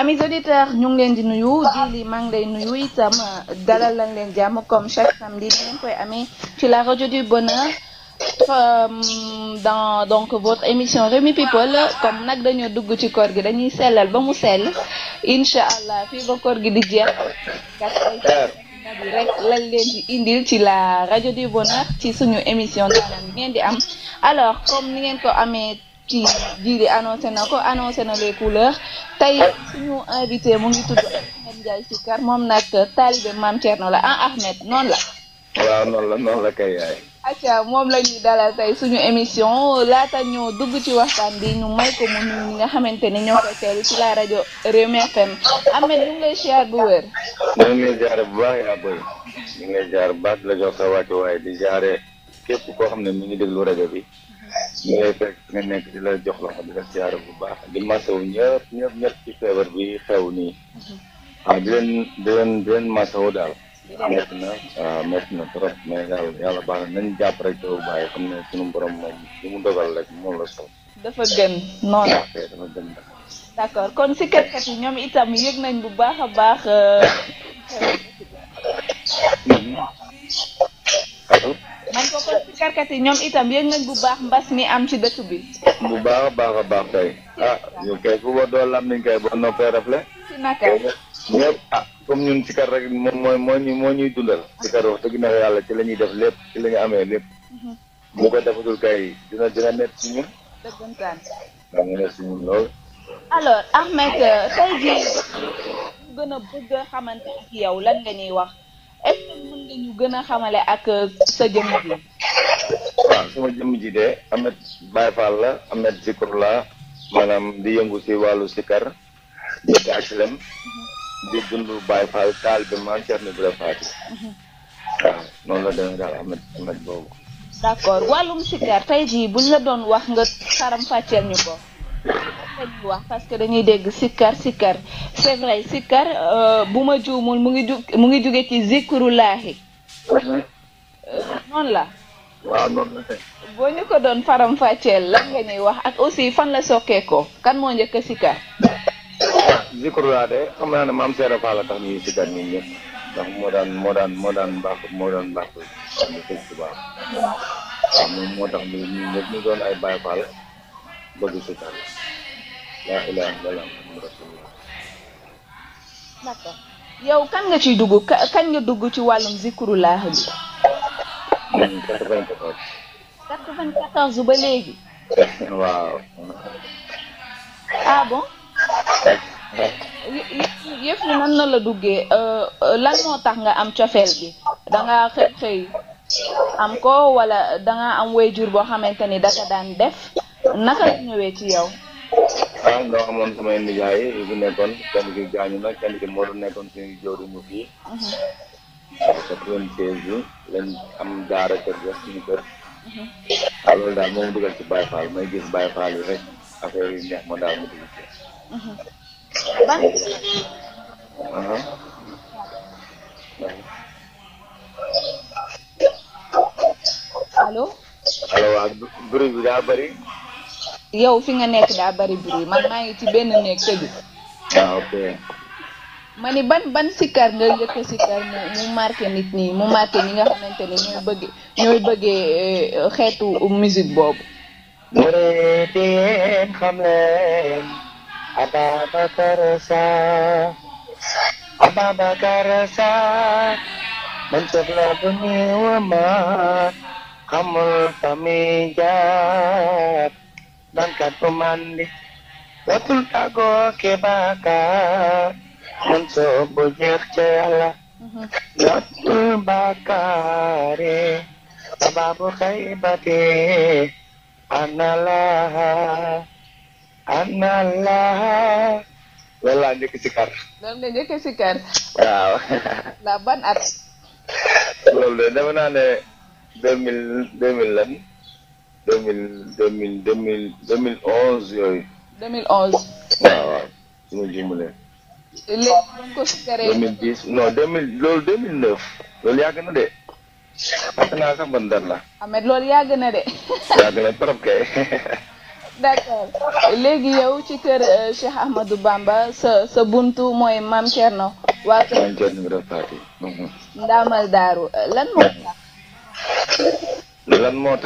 amis auditeurs ñu ngi leen di nuyu ah. di li maa ngi lay nuyu itam dalal lan leen jàmm comme chaque samedi ni ngeen koy amee ci la radio du bonheur dans donc votre émission Rewmi People comme nag dañoo dugg ci koor gi dañuy sellal ba mu sell incha allah fii ba koor gi di jeex ah. rek lañ leen di indil ci la radio di bonheur ci suñu émission daanam ngeen di am alors comme ni ngeen ko amee kii jiiri annoncé na ko annoncé na les couleurs tey suñu invité mu ngi tudd Ahmed Ndiaye Sikar moom nag taalibe Maam Thierno la ah Ahmed noonu la. waaw noonu la noonu la kay acca moom la ñuy dalal tey suñu émission laata ñoo dugg ci waxtaan bi ñu may ko mu ñi nga xamante ni ñoo koy teel ci la rajo Rewmi FM Ahmed ñu ngi lay bu wér. ñu ngi lay ziar bu baax yaa bu baax la jox sa wàccuwaay di ziare képp koo xam ne mi ngi déglu rajo bi. ñu lay fekk nga nekk di la jox loxo di la siyaare bu baax di masawu ñëpp ñëpp ñëpp ci feebar bi xew nii. Mhm. ah di leen di leen daal. metti na waaw metti na trop mais daal yàlla baax na nañ jàpp rek doo bàyyi xam ne sunu borom moom li mu dogal rek moom la sol. dafa gën noonu. dafa gën d'accord kon si kërkat yi ñoom itam yëg nañ bu baax a baax. Euh, fekkat yi ñoom itam yëg nañ bu baax mbas mi am ci dëkk bi. bu baax a baax a baax ah, kay. ah ñu kay ku ba dool am nañ kay boo noppee rafle. ci naka ñëpp ah comme ñun si kar rek moom mooy moo ñu moo ñuy dundal. si kar wax dëgg na yàlla ci la ñuy def lépp ci la ñu amee lépp. Mhm. bu ko defatul kay dina dina net si ñun. dëggantaan. waaw dina net si ñun lool. alors Ahmed tey jii gën a bëgg a xamante ak yow lan nga ñuy wax. est ce que nga ñu gën a xamale ak euh, sa jëmm ji. waaw sama jëmm ji de Ahmed Baye Fall la Ahmed Zikr la maanaam di yëngu si wàllu sikar dëkk Asilem di dund Baye Fall taal bi maam Thierno Bira Fati. waaw noonu la demee daal Ahmed Ahmed boobu. d' wàllum sikar tey jii buñ la doon wax nga xaram fàcceel ñu ko. dañuy parce que dañuy dégg sikkar sikkar c'est vrai sikkar euh, bu ma juumul mu ngi ju mu ngi jóge ci zikrulaahi noonu la waaw boo ñu ko doon faram fàcceel lan nga ñuy wax ak aussi fan la sokkee ko kan moo njëkk a sikkar ah, zikrulaahi de xam naa ne maam seera faa tax ñuy sikkar ñun ñëpp ndax moo daan moo daan moo daan mbaax moo daan mbaax ñu sëñ Tuubaa moo tax ñu ñëpp ñu doon ay Baay Faal bëgg seetaan laa ilaaha illallaah muhammadu rasuulullaah d'accord yow kan nga ciy dugg kañ nga dugg ci wàllum zikrullah bi. 94. Hmm, 94 ba léegi. waaw. ah bon. yëf yi nan na la duggee euh, euh, lan moo tax nga am cofeel gi da nga xëy xëy am ko wala da nga am waajur boo xamante ni da ka daan def. naka la ñëwee ci yow. ah dama amoon samay nijaay yi bu nekkoon kenn ki gaañu na kenn ki moo doon nekkoon suñu jëwriñu fii. waaw mm-hmm. quatre lañ am daara kër ga suñu kër. waaw mm-hmm. ah, loolu daal moom mm-hmm. uh-huh. bi daa bëri. yow fi nga nekk daa bari bruit man maa ngi ci benn néeg tëju. waaw ah, ban ban sikkar nga njëkk sikkar mu mu nit ñi mu marqué ñi nga xamante ne ñooy bëgg ñooy bëggee eh, xeetu musique boobu. murid yéen xam leen Ababacar Sarr Ababacar Sarr man tëb la bu ñëw ma xamul fa mi jaar ɗon ka ɗo mande watulɗago keɓakar on sobo jerceala mhm. wattul bakare ababo kaybate analaha analaha loolu laa njëkk si kar loolu nga njëkk si kar waaw la ban at loolu de dama naa ne deux mille deux mille deux mille deux mille deux mille onze yooyu. deux mille onze. waaw waaw su ma juumalee. léegi ñu ko sukkandee. deux mille dix deux mille neuf. loolu yàgg na de. fàtte naa sax ban la. Ahmed loolu yàgg na de. yàgg na trop kay. d' accord ci kër euh, Cheikh Ahmadou Bamba sa sa buntu mooy Maam Thierno. waa kër Maam Thierno Ibrahima Faty. Mhm. Ndaamal Daaru lan moo tax. lan moo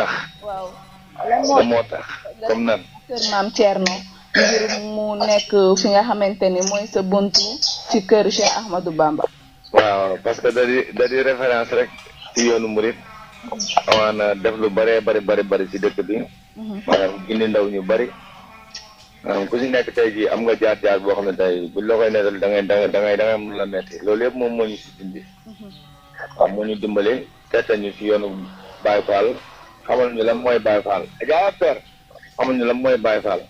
moo tax comme nan kër maam Thierno ngir mu nekk fi nga xamante ni mooy sa buntu ci kër Cheikh Ahmadou Bamba waaw parce que da di rek ci yoonu murit amaana def lu bëree bëri bëri bëri ci dëkk bi mhm. maanaam gindi ndaw ñu bëri ku si nekk tey jii am nga jaar jaar boo xam ne tey buñ la koy nettal da ngay mun la metti loolu yëpp moom moo ñu si dindi mhm. waaw moo ñu dimbale teeta ñu si yoonu Baye Fall xamal ñu lan mooy Baye Fall Adja Père xamal ñu lan mooy Baye Fall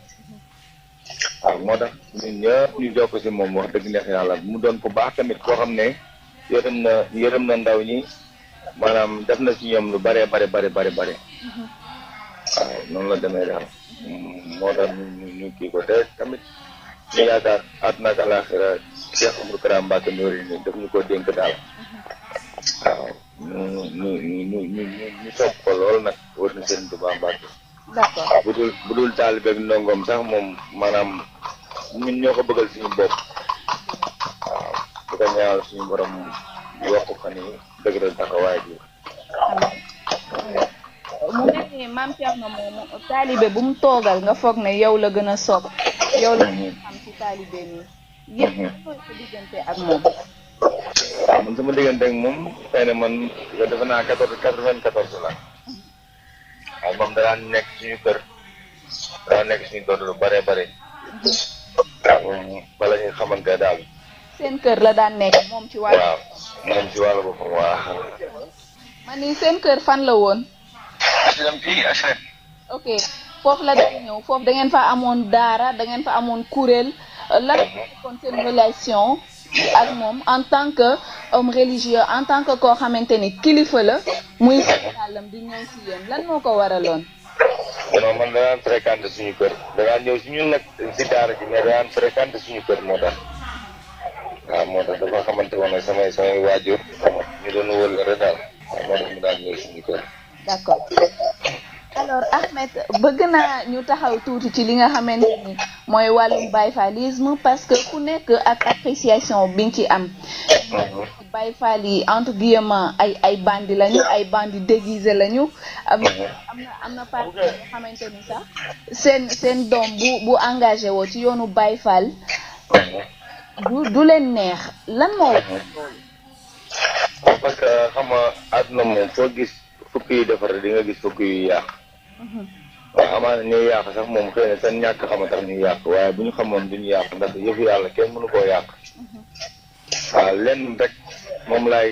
waaw moo tax ñun ñëpp ñu jokk si moom wax dëgg neex la mu doon ko baax tamit koo xam ne yërëm na ndaw ñi maanaam def na ci ñoom lu bare bare bare bare bare waaw noonu la demee daal moo tax ñu ñu kii ko te tamit ñu yaakaar àdduna ak àlaaxira Cheikh Oumar Kara Mbacké Noreyni nii daf ñu ko dénk daal waaw ñu ñu ñu ñu ñu topp ko loolu nag wër na sëriñ Tuubaa Mbàkke d'accord ah, bu dul bu dul taalibe ak ndongoom sax moom maanaam ñun ñoo ko bëggal suñu bopp waaw bu ko ñaanal suñu borom yokk fan yi dëgëral taxawaay bi mu mel ni maam Thierno moomu taalibe bu mu toogal nga foog ne yow la gën a sopp yow la gën a xam ci taalibe moom waaw man sama diggante ak moom xëy na man la waaye moom danaan nekk suñu kër danaan nekk suñu kër lu bare bare bala ñu xamante daal seen kër la daan nekk moom ci wàll moom ci wàllu boppam waaw ma ni seen kër fan la woon asilem ok foofu la daan ñëw foofu da ngeen fa amoon daara da fa amoon kuréel euh, lan seen relation ak moom en tant que homme religieux en tant que koo xamante ni kilifa la muy sàllam di ñëw si yéen lan moo ko waraloon. non man danaan fréquenté suñu kër danaan ñëw si ñun nag si daara ji mais danaan fréquenté suñu kër moo tax. waaw moo tax dafa xamante woon ne samay samay waajur ñu doon wëllëre daal waaw moo tax mu daan ñëw suñu kër. d'accord. alors Ahmed bëgg naa ñu taxaw tuuti ci li nga xamante ni mooy wàllum bayfalisme parce que ku nekk ak appréciation bi nga ci am bayfal yi entre guillemets ay ay bandi lañu ay bandi déguisé lañu am na am na parti yoo xamante ni sax seen seen doom bu bu engagé woo ci yoonu bayfal du du leen neex lan que xam moom foo gis fukk yu di nga gis fukk yu waaw amaana ñooy yàq sax moom xëy na seen ñàkk xama tax ñuy yàq waaye bu ñu xamoon duñu yàq ndax yëfu yàlla kenn mënu koo yàq waaw lenn rek moom lay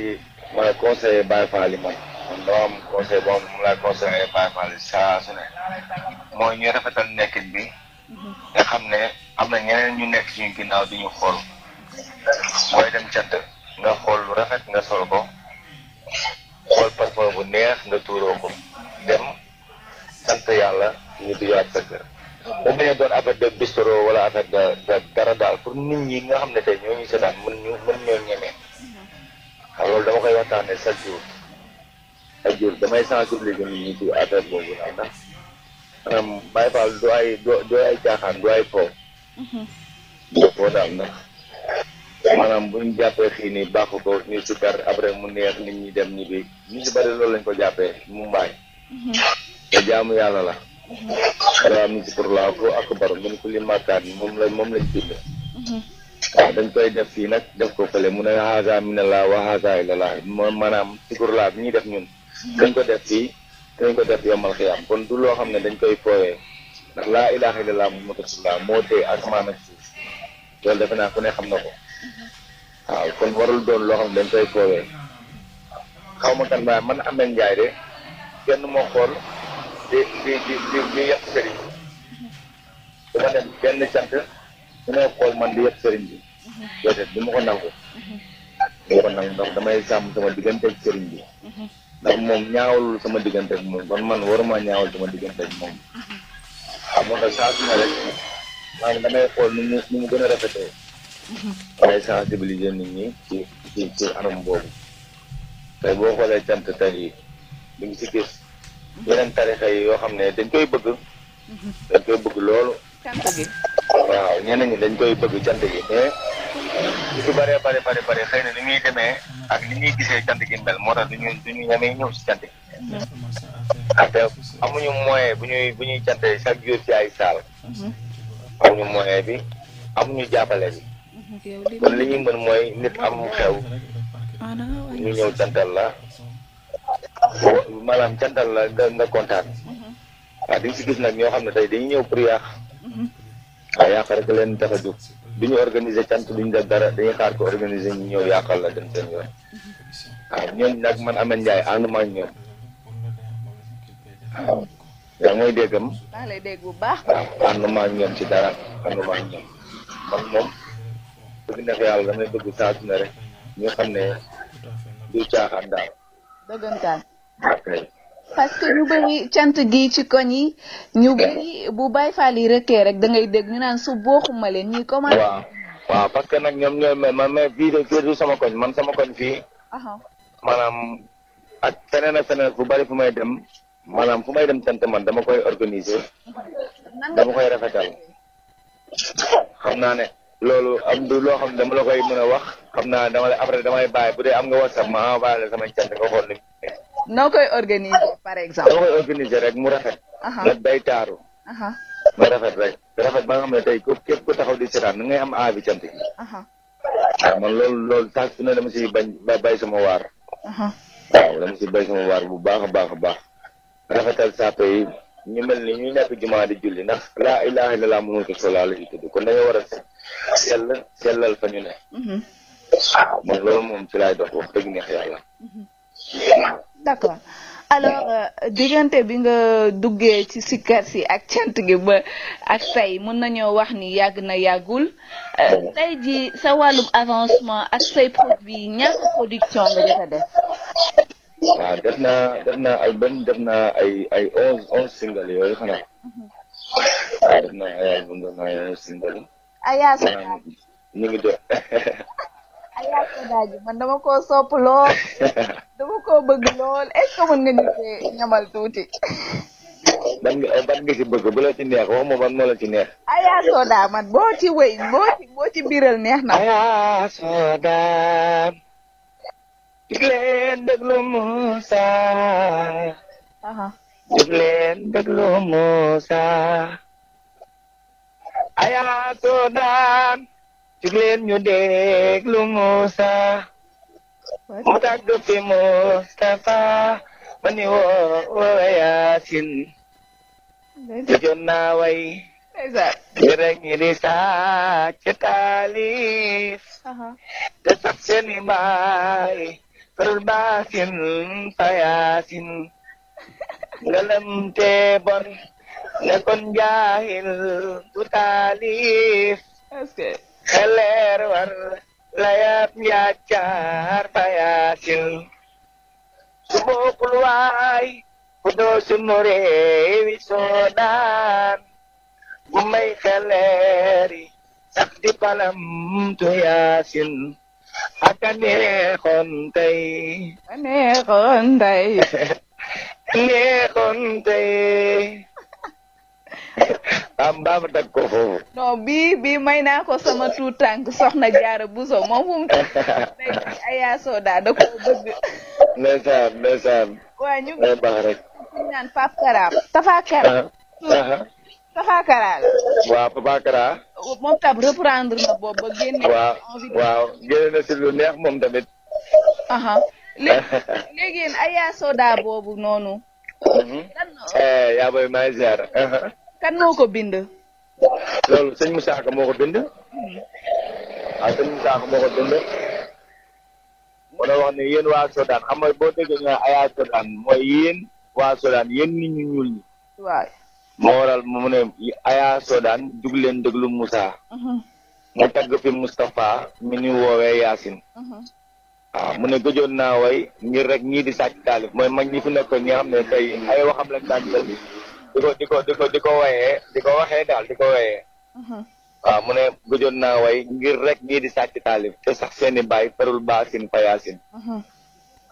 mooy conseiller Baye Fall yi man man dama am conseil boo moom laay conseiller Baye saa su ne mooy ñu rafetal nekkin bi nga xam ne am na ñeneen ñu nekk suñu ginnaaw di ñu xool booy dem cant nga xool lu rafet nga sol ko du yor secteur ba bañ a doon affaire de bistro wala affaire de de dara daal pour nit ñi nga xam ne te ñoo ñu seetaan mën ñu mën ñoo ñemee xam loolu dama koy waxtaanee chaque jour chaque damay sensibiliser nit ñi ci affaire boobu nag ndax du ay du ay caaxaan du ay fo. boo daal ndax maanaam bu ñu jàppee fii nii baax ko ni sukkar après mu neex nit ñi dem ñibbi ñu si bëri loolu lañ ko jàppee mu mbaay. Mhm. te jaamu yàlla la. xalaat musikurlaa ko ak baro mu ne ko li màkkaat moom la moom lañ bind waaw dañ koy def fii nag def ko fële mu ne haza minallah wa haza ilallah moom maanaam sikurlaa bi ñuy def ñun dañ ko def fii dañ ko def yomal xiyaam kon du loo xam ne dañ koy fooyee ndax laa ilaha illallah muhammadu rasulullah moo tee asamaan ak suuf loolu defe naa ku ne xam na ko waaw kon warul doon loo xam ne dañ koy fooyee xaw ma kan waaye man amee njaay de kenn moo xool di di di di di yàq sëriñ bi benn cant su xool man di yàq sëriñ bi déedéet du ma ko nangu du ma ko nangu ndax damay sàmm sama diggante ak sëriñ bi ndax moom ñaawul sama diggante ak moom kon man waruma ñaawul sama diggante ak moom xam nga saa su ne rek maanaam damay xool nu mu nu mu gën a rafetee damay sensibiliser nit ñi ci ci ci anam boobu tey boo xoolee cant tey yi li ngi si gis yeneen tarixa yoo xam ne dañ koy bëgg dañ koy bëgg loolu waaw ñeneen ñi dañ koy bëgg cant gi mais li ci ñuy demee ak ni ñuy gisee cant gi mel moo tax duñu duñu ñemee ñëw si cant gi amuñu moyen bu ñuy bu ñuy cante chaque jour ci ay saal amuñu moyen bi amuñu jàppale bi kon li ñuy mën mooy nit am xew ñu ñëw cantal la maanaam cantal la nga kontaan mm-hmm. waaw di nga si gis nag ñoo xam ne tey dañuy ñëw pour yàq mm-hmm. waaw yàq rek leen tax a jóg du ñu organiser cant duñu def dara dañuy xaar ko organiser ñu ñëw yàqal la dem seen yoon mm-hmm. waaw ñooñu nag man Ameth Ndiaye ànduma ñoom yaa ngi may déggam maa bu baax waaw ànduma ñoom ci dara ànduma ak ñoom man moom bëgg na ko yàlla damay bëgg saa su ne rek ñu xam ne du dëggantaan parce que ñu bëri cant gi ci koñ yi ñu bëri bu Baay Faal yi rek da ngay dégg ñu naan su booxuma leen ñi commencé waaw waaw parce que nag ñoom ñooy ma ma mais bii de kii du sama koñ man sama koñ fii maanaam ak feneen ak feneen bu bari fu may dem maanaam fu may dem sant man dama koy organiser dama koy rafetal xam naa ne loolu am du loo xam ne dama la koy mën a wax xam naa dama la après damay bàyyi bu dee am nga WhatsApp ma envoyé la sama cant nga xool ni noo koy organiser par exemple. noo koy organiser rek mu rafet. nag day taaru. muy rafet rek rafet baa nga xam ne tey képp ku taxaw di seetaan ngay am aabi cant yi. waaw man loolu loolu tax su ne dama si bañ bay sama waar. waaw dama si bay sama waar bu baax a baax a baax rafetal sape yi ñu mel ni ñu nekk jumaa di julli ndax laa ilaaha illallaah mënul ko solaale yi tudd kon da nga war a sell sellal fa ñu ne mhm. waaw loolu moom ci laay dox wax dëgg neex yàlla mhm. d'accord alors euh, diggante bi nga duggee ci sikkar si ak cant gi ba ak tey mën nañoo wax ni yàgg na yàggul euh, tey ji sa wàllum avancement ak say produit ñàkk production nga jot a def waaw def naa def album def naa ay ay onze onze single yooyu xanaa mhm. waaw def naa ay album def naa ay onze single Aya Soda ji dama koo sopp lool dama koo bëgg lool est-ce nga ñu see tuuti. ban nga ban nga ci bëgg bu la ci neex wax ban moo la ci neex. Soda man boo ci wéy boo ci na. Aya Soda. jëf leen déglu Moussa. jëf ayaatu daan jug ñu déglu Moussa mu tàgg fi Moustapha ma ni woo woo Yaasin tëjoon naa way jërëg ñi di ci taalif te sax baay fal baasin fa Yaasin ngëlëm nekkoon jaahil bu taalif xeleer war layaab njaacaar bayaasil su bokkul waay bu doo sunu réewi soodaan may xeleeri sax palam tu yaasin ak a neexoon tey a neexoon tey ah mbaa ma ko foofu. non bii bii ko sama tuut tànk soxna jaara buso moom fu mu toll nii Aya Soda da bëgg. ndeysaan ndeysaan. waaw ñu ngi baax rek. ñu naan Pape Kara Tafa Kara. Ah, ah, ah. Tafa Kara la. Papa Kara. moom tam reprendre na boobu ba génne. waaw waaw génne na si lu neex moom tamit. léegi léegi yéen Aya Soda boobu noonu. Mhm. lan eh, yaa booy maa kan moo ko bind. loolu sëñ Moussa Ka moo ko bind. waaw sëñ Moussa moo ko bind. mën a wax ne yéen waa Sodaan xam nga boo déggee ñu ayaa Sodaan mooy yéen waa Sodaan yéen nit ñu ñuul ñi. waay moo waral mu ne ayaa Sodaan jug leen déglu Moussa. Mhm. mu tagg fi Moustapha mi ñu woowee Yacine. Mhm. waaw mu ne gëjoon naa way ngir rek ñii di sàcc taalif mooy mag ñi fi nekkoon ñi xam ne tey ay waxam lañ daan tëdd. di ko di ko di ko di ko waxee daal di ko wayee uh-huh. waaw mu ne gëjoon naa way ngir rek ñii di sàcc taalif te sax seeni baay perul baasin payaasin uh-huh.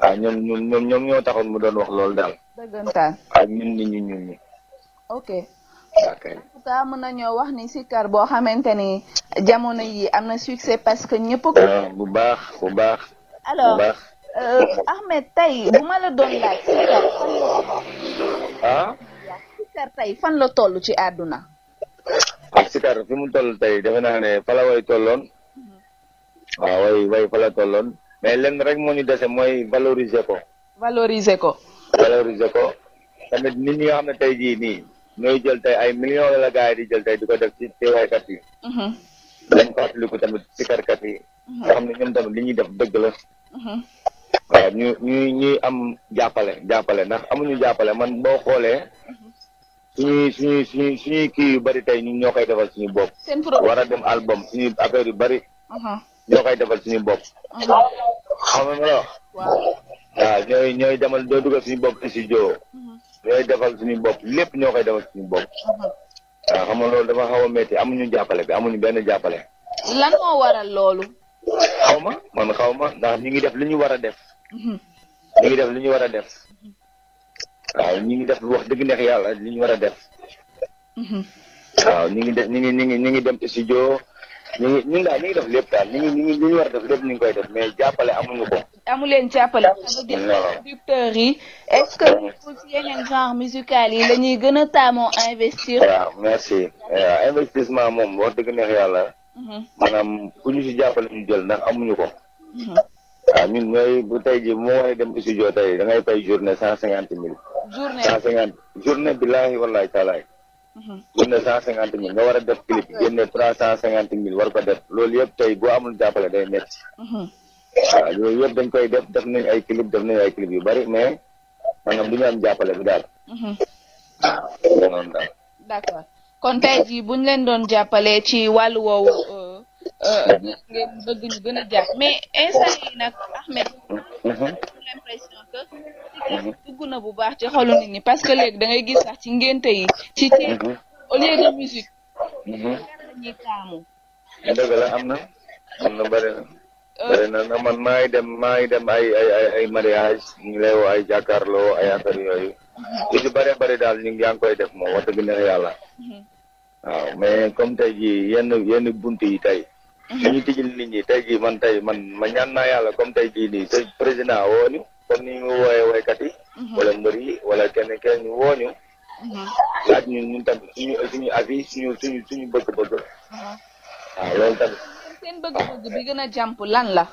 waaw ñoom ñoom ñoom ñoom ñoo taxoon mu doon wax loolu daal dëggantaan waaw ñun ñi ñun ñun ñi ok en tout cas mën wax ni sikkar boo xamante ni jamono yi am na succès parce que ñëpp ko bu baax bu baax alors euh, Ahmed tey bu ma la doon laaj sikkar Askar tey fan la toll ci àdduna. ak Askar fi mu toll tey defe naa ne fa la way tolloon. Mm-hmm. waaw way way fa la tolloon mais lenn rek moo ñu dese mooy valoriser ko. valoriser ko. valoriser ko tamit nit ñi nga xam ne tey jii nii ñooy jël tey ay millions la gars yi di jël tey di ko def ci kat yi. Mm-hmm. dañ ko tamit sikarkat yi. Mm-hmm. nga xam ne ñoom tamit li ñuy def dëgg la. waaw ñu ñu ñuy am jàppale jàppale ndax amuñu jàppale man boo xoolee suñuy suñuy suñuy suñuy kii yu bëri tey ñoo koy defal suñu bopp. war a dem album suñuy affaire yu bëri. Uh-huh. ñoo koy defal suñu bopp. Uh-huh. xam nga ñooy demal doo dugal suñu bopp studio. Uh-huh. ñooy defal suñu bopp lépp ñoo koy defal suñu bopp. waaw xam nga loolu dafa xaw a métti amuñu jàppale bi amuñu benn jàppale. lan moo waral loolu. xaw ma man xaw ma ndax ñu ngi def lu ñu war a def. ñu ngi def li ñu war a def. waaw ñu ngi def wax dëgg neex yàlla li ñu war a def. Mm-hmm. waaw ñu ngi def ñu ngi ñu ngi ñu ngi dem studio ñu ngi ñun daal ñu ngi def lépp daal ñu ngi ñu ngi li ñu ñu ngi koy def mais jàppale amuñu ko. amu leen jàppale. producteurs yi est-ce que ci mm-hmm. yi la ñuy gën a taamoo investir. waaw merci investissement moom wax dëgg neex yàlla. Mm-hmm. maanaam ku ñu si jàppale ñu jël ndax amuñu ko. waaw ñun ñooy bu tey ji moo war a dem studio tey da ngay fay journée cent cinquante mil journée cent cinquante journée billaahi wallaahi taalaay génne mhm. cent cinquante mille nga war a def clip génne trois cent cinquante mille war ko def loolu yëpp tey boo amul jàppale day metti mhm. waaw yooyu yëpp dañ koy def def nañ ay clip bari mais maanaam du ñu am bi daal mhm. kon tey buñ leen doon jàppale ci wàllu euh, gën a jàpp mais instant yi nag Ahmed mhm. l'impression que dugg na bu baax ci xolu nit ñi parce que léegi da ngay gis sax ci ngénte yi ci ci mhm. au de musique dañuy mhm. taamu dëgg la am na am na bëri euh. na man maa ngi dem maa ngi dem ay ay ay ay mariage ñu lay woo ay jàkkaarloo ay affaire yooyu li ci bëree daal ñu ngi yaa ngi koy def moom wax dëgg neex yàlla waaw mais comme tey jii yenn yenn bunt yi tey dañuy mhm. tijjil nit ñi tey jii man tey man ma ñaan naa yàlla comme tey jii nii te président woo ñu comme wooye ñu wooyee woykat mhm. wala mbër yi wala kenn kenn ñu woo mhm. laaj ñun ñun tam suñu suñu suñu suñu suñu bëgg-bëgg. waaw loolu tamit. seen bëgg-bëgg jàmp lan la.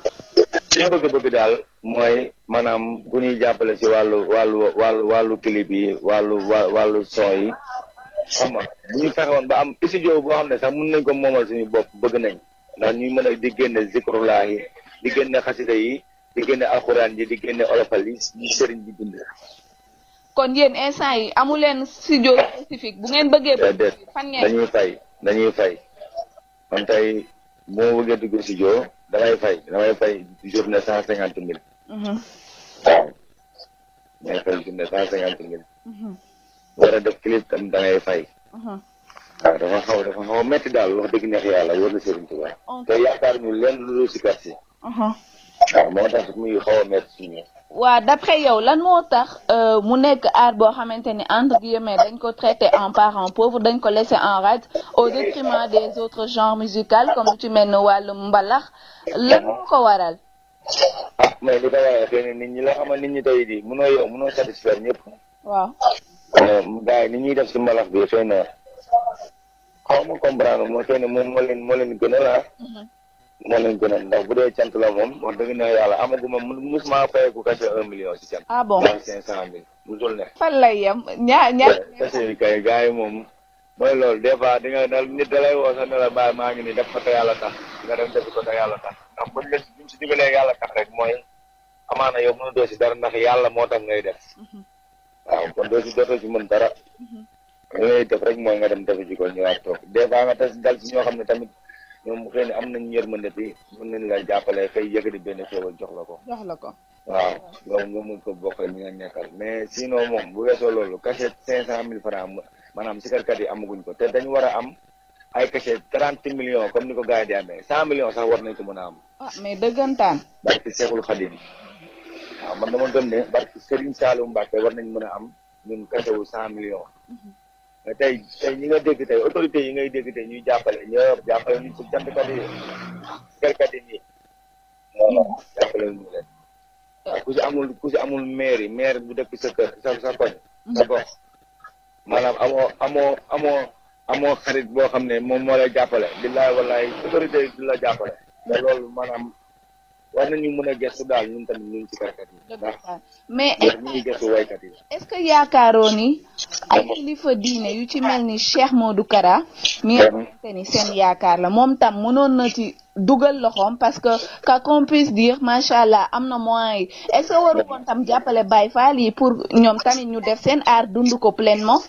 seen bëgg daal mooy maanaam bu ñuy jàppale si wàllu wàllu wàllu wàllu clip yi wàllu wàllu son yi xam nga bu ñu fexe woon ba am studio boo xam ne sax mun nañ ko moomal suñu bopp bëgg nañ. ndax ñuy mën a di génne zikrullah yi di génne xasida yi di génne alxuraan yi di génne olofal yi ñu sëriñ bi bind kon yéen instant yi amu leen studio spécifique bu ngeen bëggee fan ngeen dañuy fay dañuy fay man tey bu ma bëggee dugg studio damay fay damay fay journée cent cinquante mille waaw mhm. cent cinquante mille mhm. war a def clip tam dangay fay mhm. Ah, dafa xaw dafa xaw a métti daal wax dëgg neex yàlla wër na Serigne Touba te yaakaar ñu leen lu dul si kàtt uh-huh. ah, moo tax muy xaw a si ñun. waaw d'après yow lan moo tax euh, mu nekk art boo xamante ni entre guillemets dañ ko traité en parent pauvre dañ ko laissé en rade au détriment des autres genres musicaux comme ci mel ni wàllum mbalax lan moo ko waral. ah mais li ko waral nit ñi la xamal nit ñi tey mu munoo yow munoo satisfaire ñëpp. waaw. Euh, gars yi ni ñuy def si mbalax bi xaw ma comprendre moo tey ne moom moo leen moo leen gënal ah. Mhm. moo leen gënal ndax bu dee la moom wax dëgg na kase un million si cant. ah bon cinq lay yem ñaar ñaar. yi kay gars yi moom mooy loolu des fois di nit da lay woo sax ne maa ngi nii def ko te yàlla tax nga dem def ko te yàlla tax ndax buñ la buñ si digalee yàlla tax rek mooy amaana yow mënu doo si dara ndax yàlla moo tax ngay def. Mhm. waaw kon doo si jotoo mën dara. Mhm. li ngay nga dem defu ji ko ñëwaat toog xam ne tamit ñoom xëy na am nañu yërmande bi mën nañu la jàppale xëy yëkkati benn xéewal la ko. jox la ko waaw loolu nga mun ko bokkal ñi nga nekkal mais sinon moom bu loolu cachet cinq cent mille francs maanaam sikarkat yi amaguñ ko te dañu war a am. ay cachet trente million comme ni ko gars yi di amee cent millions sax war nañ ko mën a am. ah mais dëggantaan. barki Seexul Xadim waaw man dama gëm ne barki Serigne Saloum Mbacke war nañ mën a am ñun cachet cent millions. Mhm. tey tey ñi nga dégg tey autorités yi ngay dégg tey ñuy jàppale ñëpp jàppale ñu ci jàppkat yi jàppkat yi nii jàppale ñu leen ku si amul ku si amul maire yi maire bu dëkk sa sa sa koñ sa gox maanaam amoo amoo amoo amoo xarit boo xam ne moom moo la jàppale billaay wallaay autorité yi jàppale te loolu maanaam war nañu mën a gëstu daal ñun tamit ñu ci kàttan ndax mais ñu ngi gëstu waykat yi est-ce que yaakaaroon ni ay kilifa diine yu ci mel ni Cheikh du Kara mi nga xamante ni seen yaakaar la moom tam mënoon na ci dugal loxoom parce que quoi qu'on puisse dire allah am na moyens yi tam jàppale baay Fall yi pour ñoom tamit ñu def seen aar dund ko pleinement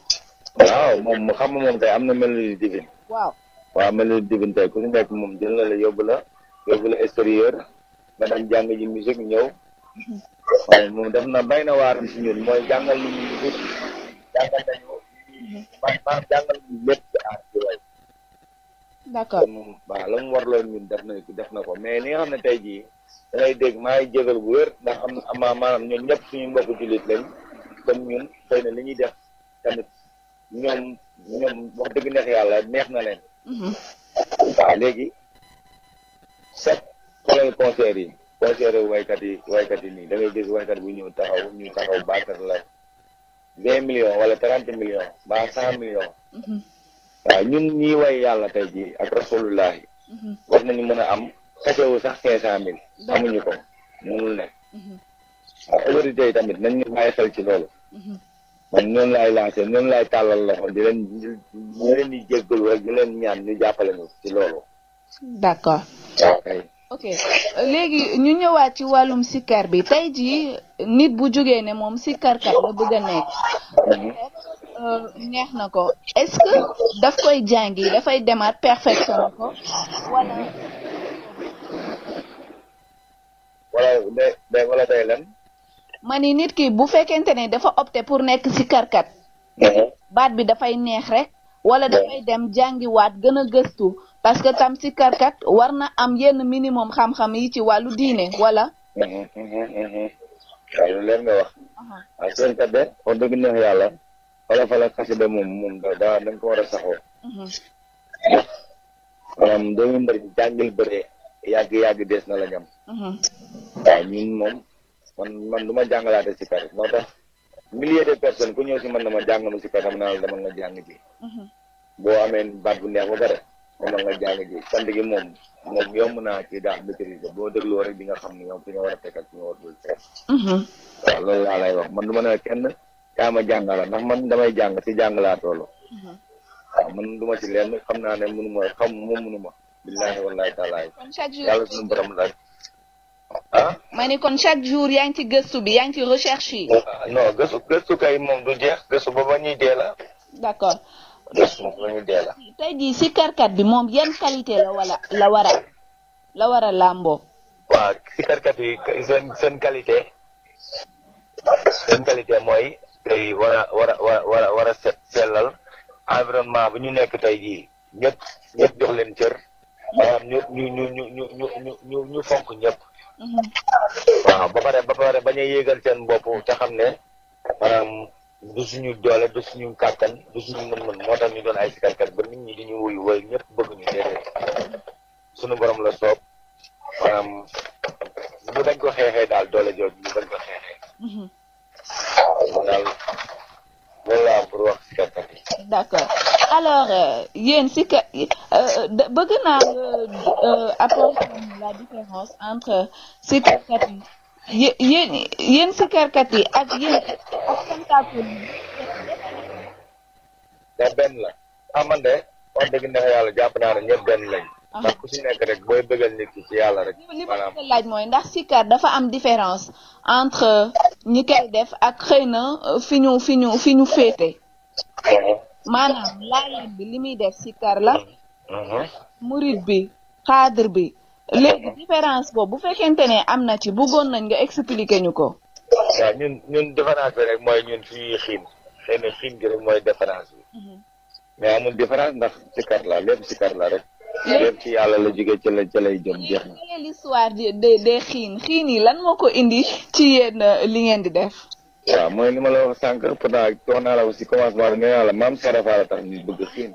waaw moom xam nga moom tey am na mélodie divine waaw waaw mélodie divine tey ku ñu nekk moom jël na la yóbbu la yóbbu la extérieur nga daan jàng ji musique ñëw moom def na bay na waar si ñun mooy jàngal ñu musique jàngal nañu man maa jàngal ñu lépp ci aar ci way d'accord waaw mu war ñun def na def na ko mais li nga xam ne tey jii da ngay dégg maa ngi jégal bu wér ndax am ama maanaam ñun ñëpp suñu mbokku jullit lañ comme ñun xëy na li ñuy def tamit ñoom ñoom wax dëgg neex yàlla neex na leen mm-hmm. waaw léegi xoolal concert yi concert yi waykat yi waykat nii da ngay gis waykat bu ñëw taxaw ñu taxaw baatar la vingt millions wala trente millions ba cent millions mhm. waa ñun ñii way yàlla tey jii ak rasulullahi mhm. war ñu mën a am xasewu sax cinq cent milles amuñu ko mënul ne mhm. autorité yi tamit nañ ñu bàyyi xel ci loolu man noonu laay lancé noonu laay tàllal loxo di di leen di jéggalu rek di leen ñaan ñu jàppale ñu ci loolu d'accord ok léegi ñu ñëwaat ci wàllum sikkar bi tey jii nit bu jógee ne moom sikkarkat la bëgg a nekk neex na ko est-ce que daf koy jàngi dafay demaat perfectionné ko wala wala nit ki bu fekkente ne dafa opté pour nekk sikkarkat mhm. baat bi dafay neex rek wala dafay mhm. dem jàngiwaat gën a gëstu parce que tam si karkat war na am yenn minimum xam-xam yi ci wàllu diine wala. waaw lu leer nga wax. waaw seen kat de wax dëgg neex yàlla wala fa la moom moom da daa da nga ko war a saxoo. Mhm. maanaam bi jàngal na la ñam. Mhm. ñun moom man man jàngalaate si kar moo tax milliers de personnes ku ñëw si man dama jàngalu si kar xam naa dama la jàng ji. Mhm. boo amee baat bu neex ba pare. moom nga jàng ji cant gi moom moom yomb naa kii daal maîtriser boo dégloo rek di nga xam ne yow fi nga war a teg ak nga war dul teg lay wax man du ma ne kenn kaa ma jàngala ndax man damay jàng si jàng laa toll mhm. man du ma ci lenn xam naa ne mënu ma xam moom mënu ma billaahi wallaahi taalaa yàlla suñu borom la ah? ah ma ni kon chaque jour yaa ngi ci gëstu bi yaa ngi ci recherche yi ah, non gëstu gëstu kay moom du jeex gëstu ba ba ñuy dee la d'accord des moom lu ñu bi moom yan qualité la wala la war a la war a làmboo. waaw sikarkat yi seen seen qualité seen qualité mooy tey war a war war a set sellal environnement bu ñu nekk tey jii ñëpp ñëpp jox leen cër. maanaam ñu ñu ñu ñu ñu ñu ñu ñu ñu fonk ñëpp. Mhm. waaw ba pare ba pare bañ a seen bopp te xam ne du suñu doole du suñu kàttan du suñu mën-mën moo tax ñu doon ay sikarkat ba nit ñi di ñu wuyu woy bëgg ñu déedéet suñu borom la soob maanaam ñu bañ ko xeexee daal doole jooju ñu bañ ko xeexee. Mhm. daal loolu pour wax sikarkat yi. d'accord alors euh, yéen sikar euh, bëgg euh, yi yéen yéen sikarkat yi ak yéen. ndax benn la ah man de wax yàlla jàpp naa ne ñëpp benn lañ. Ah. ndax ku yàlla rek. laaj mooy ndax sikar dafa am différence entre ñi koy def ak xëy na euh, fi ñu fi ñu ñu féete. Uh-huh. maanaam laayeen bi li muy def sikar la. Uh-huh. murit bi xaadir bi. Uh-huh. léegi différence boobu bu fekkente ne am na ci bëggoon nañ nga expliquer ñu ko. waaw ñun ñun différence bi rek mooy ñun fii xiin xëy xiin gi mooy différence bi. Mhm. mais amul différence ndax sikar la lépp sikar la rek. lépp ci yàlla la jóge ci la ci lay jëm jeex na. ngeen l'histoire des des xiin lan moo ko indi ci yéen euh, li ngeen di def. waaw mooy li ma la wax sànq pourtant wax naa la aussi commencement bi ne yàlla maam Sarafaal tax ñu bëgg xiin.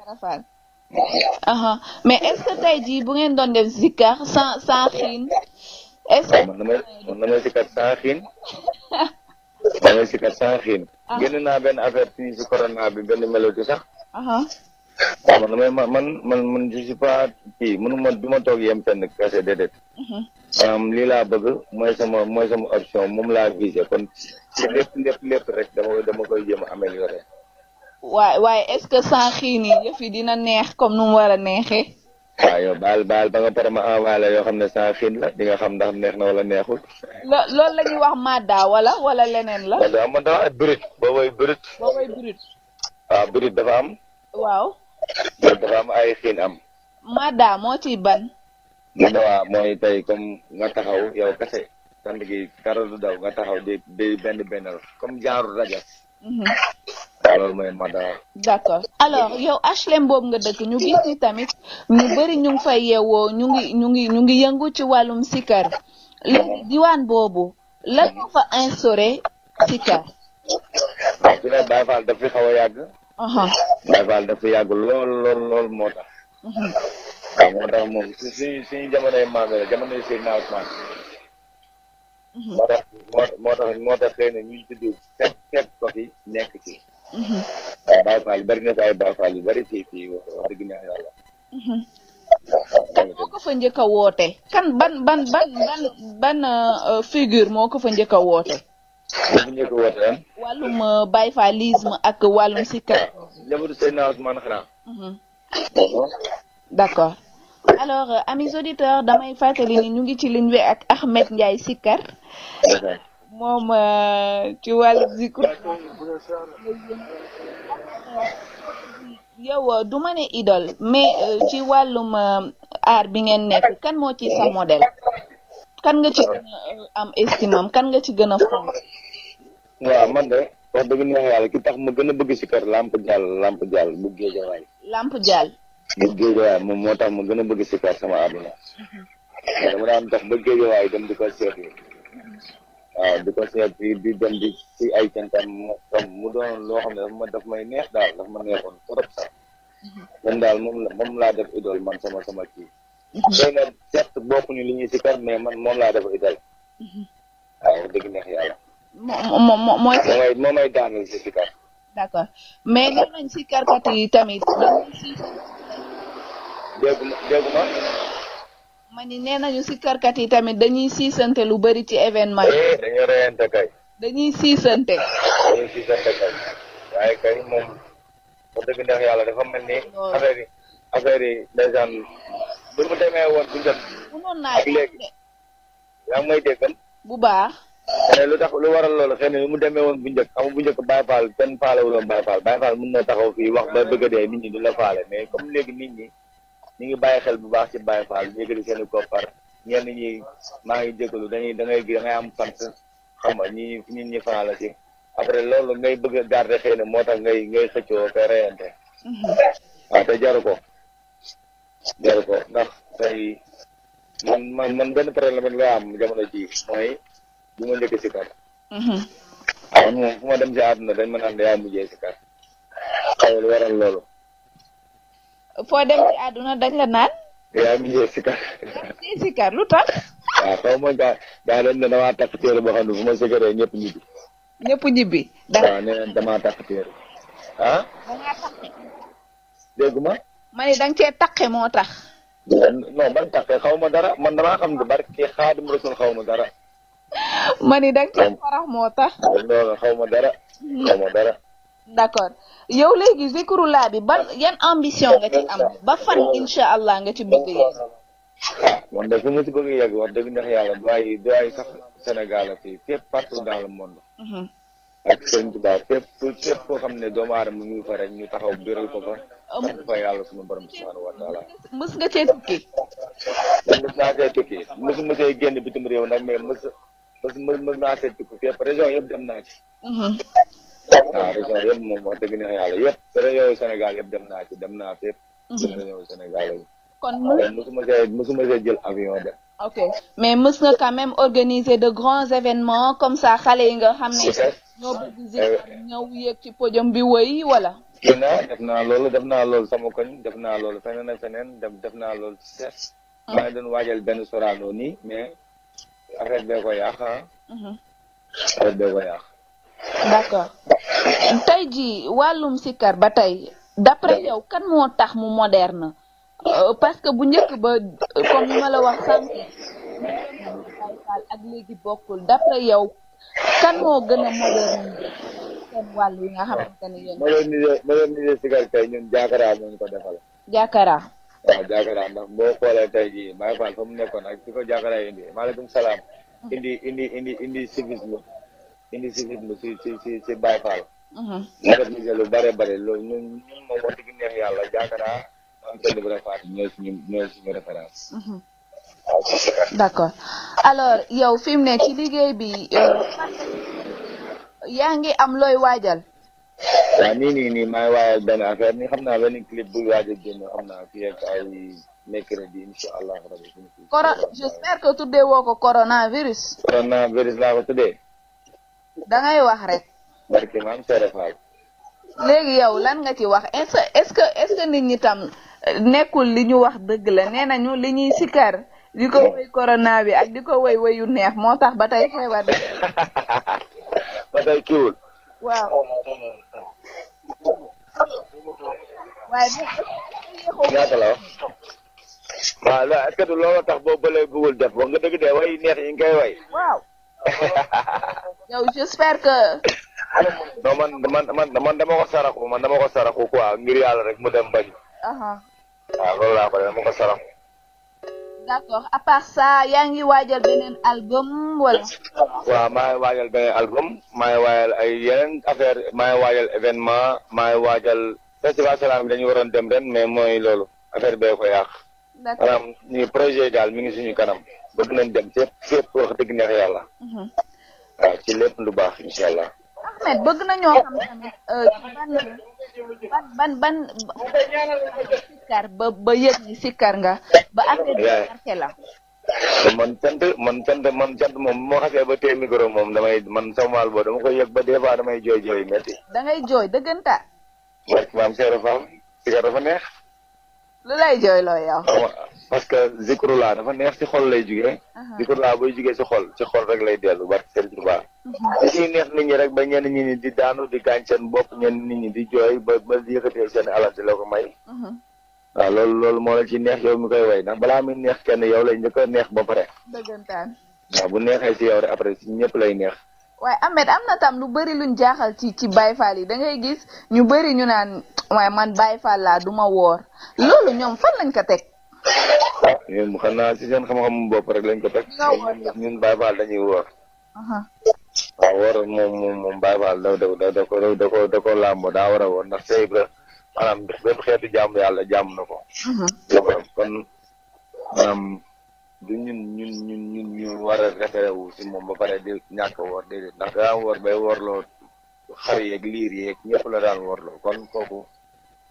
mais est-ce que tey jii bu ngeen doon def zikar sans xiin. est-ce que man damay man damay sikkat saa xiin damay xiin. génn naa benn affaire fii si corona bi benn mélodie sax. waaw man damay man man man je suis pas kii mënuma du ma toog yem fenn kese déedéet. maanaam lii laa bëgg mooy sama mooy sama option moom laa visé kon ci lépp lépp rek dama koy dama koy jéem a waaye waaye est-ce que saa xiin yi yëf dina neex comme nu mu war waaw yow baal baal ba nga pare ma envoyé la yoo xam ne sans xiin la di nga xam ndax neex na wala neexul. lo loolu la ñuy wax madda wala wala leneen la. madda man dafa am brut boobooy brut. boobooy brut. waaw brut dafa am. waaw. brut dafa am ay xiin am. madda moo ciy ban. madda mooy tey comme nga taxaw yow kese sant gi dara du daw nga taxaw di di benn benn comme genre rajo. Mhm. loolu mooy Madaar. d' accord yow HLM boobu nga dëkk ñu gis ni tamit ñu bëri ñu ngi fay yeewoo ñu ngi ñu ngi ñu yëngu ci wàllum sikar léegi mm-hmm. diwaan boobu la moo fa instauré sikar. waaw fi ne Baye Fall daf fi xaw a yàgg. Baye Fall daf fi yàgg lool lool lool moo tax. Mm-hmm. waaw moo tax moom si si si jamonoy maam la jamonoy si naaw mm-hmm. moo tax moo tax moo tax xëy na ñuy tudd fekk fekk ko nekk ci. Mm-hmm. waaw Baay Faal bari yu bari fii mm-hmm. moo ko fa njëkk a woote kan ban ban ban ban uh, uh, figure moo ko fa njëkk a woote. moo fa njëkk a woote ah? lan. Uh, ak wàllum sikar. jabaru d' accord alors euh, amis auditeurs damay fàttali ni ñu ngi ci ligne bi ak Ahmed Ndiaye Sikar. moom euh, ci wàllu zikr yow euh, du ma ne idole mais euh, ci wàllum art bi ngeen nekk kan moo ci sa modèle kan nga ci gën a am estimam kan nga ci gën a fonk waaw man de wax dëgg neex yàlla ki tax ma gën a bëgg si kër lamp jàll lamp jàll bu géejawaay lamp jàll moom moo tax ma gën a bëgg si kër sama àdduna dama daan tax ba géejawaay dem di ko seeti waaw di ko seet fii di dem di si ay cànqam mu doon loo xam ne ma daf may neex daal dafa ma neexoon trop sax moom mm-hmm. daal moom la moom laa def idole man sama sama kii mm-hmm. xëy na certes bokkuñu si kat man moom laa def idole mm-hmm. waaw dëgg neex yàlla moom moom mooy moo may daanal si si kat mais lan lañ si karkat tamit dégg ma ni nee nañu sikkarkat yi tamit dañuy siisante lu bari ci événement eh, dañuy reyante kay. dañuy siisante. dañuy siisante kay waaye kay moom wax dëgg ndax yàlla dafa mel ni. affaire yi affaire yi ndeysaan bu mu demee woon bu njëkk. munoon naa ak léegi bu baax. Eh, lu tax lu waral loolu xëy na lu mu demee woon bu njëkk xam bu njëkk Baye Fall kenn faale wu doon Baye Fall Baye Fall na taxaw fii wax ba bëgg a dee nit ñi du la faale mais comme léegi nit ñi. ñu ngi bàyyi xel bu baax ci Baye Fall yëkkati seen i koppar ñenn ñi maa ngi jëkkalu dañuy da ngay da ngay am fant xam nga ñi ñun ñi fanaa la ci après loolu ngay bëgg a garder xëy na moo tax ngay ngay xëccoo ka reyante mm-hmm. waaw te jaru ko jaru ko ndax tey man man man benn problème laa am jamono ji mooy bu ma njëkk si kar mm-hmm. waaw moom fu ma dem si na dañ ma naan yaa mujjee si kar xawul waral loolu foo dem ci àdduna dañ la naan. yaa ngi mujjee sikar. lu tax. waaw xaw ma gaa gaa dañ ne damaa takk téere boo xam ne bu ma sikaree ñëpp ñibbi. ñëpp ñibbi. waaw nee na takk téere. ah. dangaa takk. dégg ma. ma ne da nga moo tax. non xaw ma dara man damaa xam ne barki Xaadim Rasul xaw ma dara. ma ne da farax moo tax. loolu xaw ma dara. xaw ma dara. d'accord yow léegi zikrullah bi ban yan ambition nga ci am ba fan incha allah nga ci bëgg yegg. man da fu ma si bëgg yegg wax dëgg ndax yàlla du ay du ay sax Sénégal ak fii fépp partout dans le monde. Mm-hmm. ak sëñ Tuba koo xam ne doomu aadama ñu fa rek ñu taxaw biral ko fa. Um, sant fa yàlla suñu borom subhanahu wa taala. mës nga cee tukki. mës naa cee génn bitim réew nag mais mës mës mës naa cee tukki fépp région yëpp dem naa ci. Mm-hmm. waaw région yëpp moom wax dëgg neex yàlla yëpp région yu Sénégal yëpp dem naa ci dem naa fépp région yu Sénégal yi kon mosuma see mosuma see jël avion dem ok mais mës nga quand même organiser de grands événements comme ça xale yi nga xam ne ñoo bëgg si ñëw yéeg ci podium bi woy wala non def naa loolu def naa loolu sama koñ def naa loolu feneen ak feneen def def naa loolu ci seet mhm. maa ngi doon waajal benn Sorano nii mais affaire bee ko yàq ah mhm. affaire bee ko yàq d'accord tey jii wàllum sikar ba tey d'après yow kan moo tax mu moderne euh, parce que bu njëkk ba comme ni ma la wax sànq ak léegi yow kan moo gën a moderne seen sikar tey ñun jaakaraa moo ñu ko defal. jaakaraa. waaw jaakaraa ndax boo xoolee tey jii Baye Fall fa mu nekkoon ak ci ko jaakaraa indi maaleykum salaam. Mm. indi indi indi indi civisme. indi si rythme si si si si Baye Fall. organiser uh-huh. lu bare bare loolu ñun ñun moom wax dëgg neex yàlla jaakara am kenn bu refaat ñooy suñu ñooy suñu référence. Uh-huh. d'accord fi mu ne ci liggéey bi euh, yaa ngi am looy waajal. waaw nii nii nii maa waajal benn affaire ni xam naa benn clip bu waaj a génn xam naa fii ak ay mercredi incha allah rabi. coronavirus. coronavirus laa ko tuddee. dangay wax rek. léegi yow lan nga ci wax est-ce que est nit ñi tam nekkul li ñu wax dëgg la nee nañu li ñuy sikar di ko woy corona bi ak di ko woy woyu neex moo tax ba tey feebar bi. ba tey kiwul. waaw. waaw est-ce que du loolu tax boo bële bëggul def wax nga dëgg de way neex yi nga koy way. yow j'espère que. non man man man man dama ko saraxu man dama ko saraxu quoi ngir yàlla rek mu dem bañ. waaw loolu laa ko dama ko saraxu. d'accord à part ça yaa waajal beneen album wala. waaw maa ngi waajal beneen album maa waajal ay yeneen affaire maa ngi waajal événement maa ngi waajal festival salaam bi dañuy waroon dem ren mais mooy loolu affaire bee ko yàq. maanaam mi projet yi daal mi ngi suñu kanam bëgg nañ dem fépp fépp wax dëgg neex yàlla. Mhm. waaw ci lépp lu baax incha allah. Ahmed bëgg xam tamit euh, ba ba yëg ni sikkar nga ba affaire bi marqué la. man cant man cant man cant moom moo xasee ba tey micro moom damay man sama wàll boobu dama koy yëg ba des damay jooy jooy metti da jooy dëgganta. waaw maam Seydou Fall sikkar dafa neex. lu lay jooyloo yow. Ah, parce que zikrullah dafa neex ci xol lay jugee. zikrullah booy jugee ci xol ci xol rek lay dellu ba Sëriñ Tuubaa. li ciy neex nit ñi rek ba ñenn ñi di daanu di gaañ seen bopp ñenn nit ñi di jooy ba ba yëkkatee seen alal di la ko may. Mhm. waaw loolu loolu moo la ci neex yow mi koy way ndax balaa mi neex kenn yow lay njëkk a neex ba pare. dëggantaan. waaw bu neexee ci yow rek après ci lay neex. waaye Ahmed am na tam lu bari luñ jaaxal ci ci Baye Fall yi da ngay gis ñu bari ñu naan waaye man baay Fall laa du ma woor loolu ñoom fan lañ ko teg. ah ñun xam naa ci seen xam-xamu bopp rek lañ ko teg. ñun Baye Fall dañuy woor. Uh-huh. waaw woor moom moom Baye Fall da da da ko da daa war a woor ndax Seydou la maanaam bépp xeetu jàmm yàlla jàmm na ko. Uh-huh. kon du ñun ñun ñun ñun ñu war a référé wu si moom ba pare di ñàkk woor déedéet ndax daan woor bay woorloo xar yeeg liir yeeg ñëpp la daan woorloo kon kooku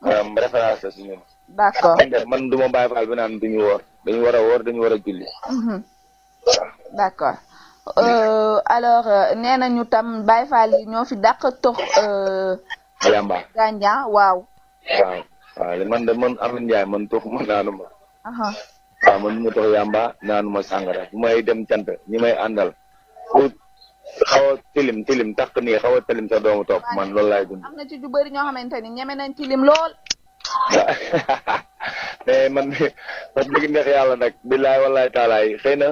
maanaam référence la si ñun. d'accord man du ma bàyyi faal bi naan duñu woor dañu war a woor dañu war a julli. Mhm. d'accord euh, alors euh, nee nañu tam Baye Fall yi ñoo fi dàq tox. Gànjaar euh, Gànjaar waaw. waaw waaw man de man Amine Ndiaye man tox ma naanu ma. waaw man mu tax yàmba naanuma sàngara bu may dem cant ñi may àndal ku xaw a tilim tilim takk nii xaw a tilim sa doomu topp man loolu laay dund. am na ci ñu bëri ñoo xamante ni ñeme nañ tilim lool. mais man wax dëgg neex yàlla nag billaay wallaay taalaay xëy na.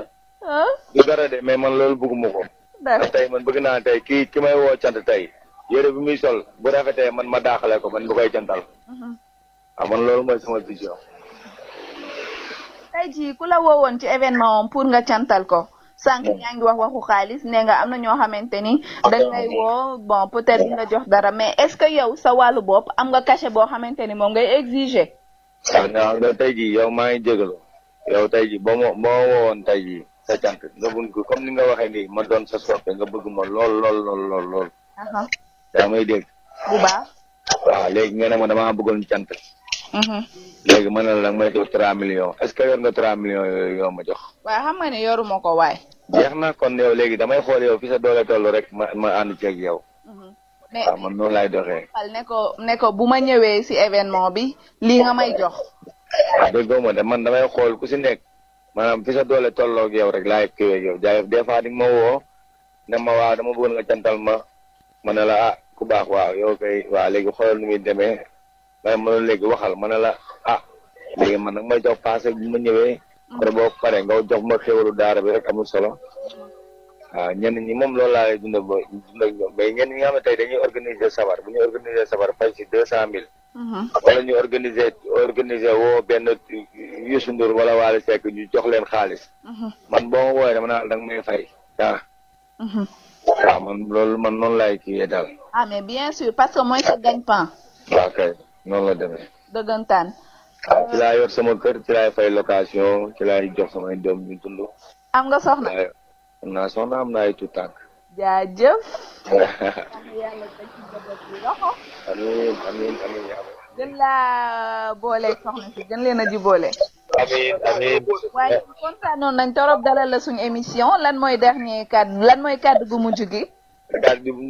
Ah? du dara de mais man loolu bëgguma ko. d'accord tey man bëgg naa tey kii ki may woo cant tey yére bi muy sol bu rafetee man ma daaxale ko man bu koy jantal mhm. ah man loolu mooy sama vision. tey jii ku la woowoon ci événement pour nga cantal ko sànq ñaa ngi wax waxu xaalis nee nga am na ñoo xamante ni dañ lay woo bon peut-être nga jox dara mais est-ce que yow sa wàllu bopp am nga cachet boo xamante ni moom ngay exiger waaw ah, nga tey jii yow maa ngi jégalu yow tey jii ba ma boo woowoon tey sa cant nga bun ko comme ni nga waxee nii ma doon sa soppe nga bëgg ma lool lool lool lool lool uh-huh. yaa may dégg bu baax waaw léegi nga ne ma cant léegi ma ne la nag may jox trois millions est ce que yor nga trois millions yooyu yoo ma jox. waaw xam nga ne ko waay. jeex na kon yow léegi damay xool yow fi sa doole toll rek ma ma ànd ceeg yow. waaw man noonu laay doxee. ne ko ne bu ma ñëwee si événement bi lii nga may jox. waaw ah, déggoo ma de man damay xool ku si nekk maanaam fi sa doole tolloog yow rek laay kiiweeg yow jaayef des fois di nga ma woo ne ma waa dama bëggoon nga cantal ma ma ne la ah, ku baax waaw yow kay waa léegi xool nu muy demee. nga ma léegi waxal ma ne la ah léegi man nag may jox paase bu ma ñëwee. Mm-hmm. après boo pare nga jox ma xéwalu daara bi rek amul solo. waaw mm-hmm. ah, ñenn ñi moom loolu laa lay dund ba dund ak ñoom mais ñi nga xam ne tey dañuy organiser sabar bu ñuy organiser sabar fay si deux cent mille. Mm-hmm. wala ñu organiser organiser woo benn Youssou Ndour wala Wally Seck ñu jox leen xaalis. man boo ma wooyee dama naan danga may fay ah. ah man loolu man noonu laay kiiyee daal. Ah, mais bien sûr parce que mooy sa gagne-pain. noonu la demee. dëggantaan. waaw ah, ci laa yor sama kër ci laay fay location ci laay jox samay doom ñu dund. am nga soxna am naa soxna am naa ay tuut jaajëf. gën laa boole soxna si gën leen a boole. amiin amiin. waaye kontaanoon nañ torop dalal la suñu émission lan mooy dernier kàddu lan mooy kàddu gu mujj gi.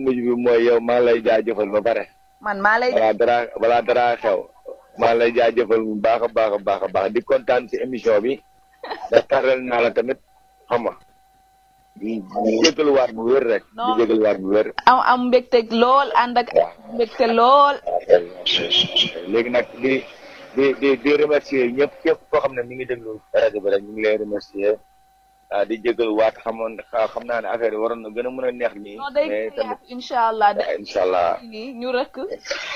mooy yow maa lay jaajëfal ba pare. man maa lay balaa dara balaa dara lay jaajëfal bu baax a baax a baax a baax di kontaan si émission bi. ndax taral naa la tamit xam nga. di bu wér rek. di jégaluwaat bu wér. am am mbégte lool ànd ak. mbégte lool. léegi nag di di di di ñëpp képp koo xam ne mi ngi déglu rajo bi rek ñu ngi lay remercier. ah di jégalu waat xamoon xam naa ne affaire yi waroon na gën a mën a neex nii. mais tamit incha allah incha ñu rëkk.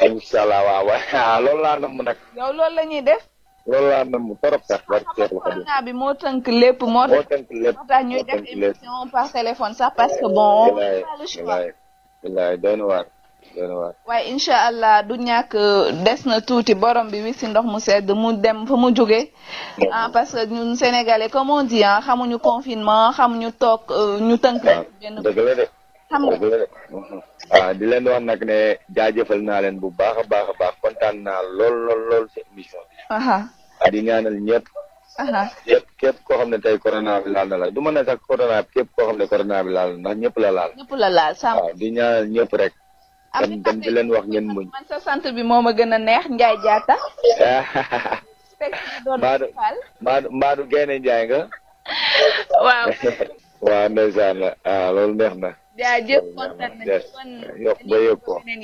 incha allah waaw waaw ah, loolu laa nam nag. yow loolu la def. loolu laa nam trop sax. war ceeb la ko def bi moo tënk lépp moo. moo tënk lépp moo tax ñuy def émission par téléphone sax parce que bon. on a le waaye incha allah du ñàkk des na tuuti borom bi wisi ndox mu sedd mu dem fa mu jóge ah parce que ñun sénégalais comme on dit ah confinement xamuñu toog euh, ñu tënk. Ah, benn de. xam nga mhm. ah, di leen wax nag ne jaajëfal naa leen bu baax a baax a baax kontaan naa lool lool lool si émission bi. Ah, di ñaanal ñëpp. képp képp koo xam ne tey corona bi laal la mën a sax képp koo xam ne corona bi laal na ndax ñëpp la laal. ñëpp la laal di ñaanal ñëpp rek. am na di leen wax ngeen muñ. man sa sant bi moo ma gën a neex Ndiaye Diatta. Mbadu Mbadu Mbadu Gaynde Ndiaye nga. waaw. waaw ndeysaan ah loolu neex na.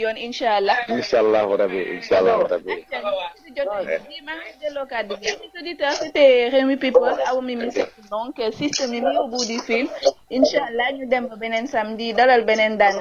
yoon incha allah. incha allah rabi incha rabi. c'était Rewmi People aw Mimi Seck donc système mi au bout du fil incha dem ba beneen samedi dalal beneen daan.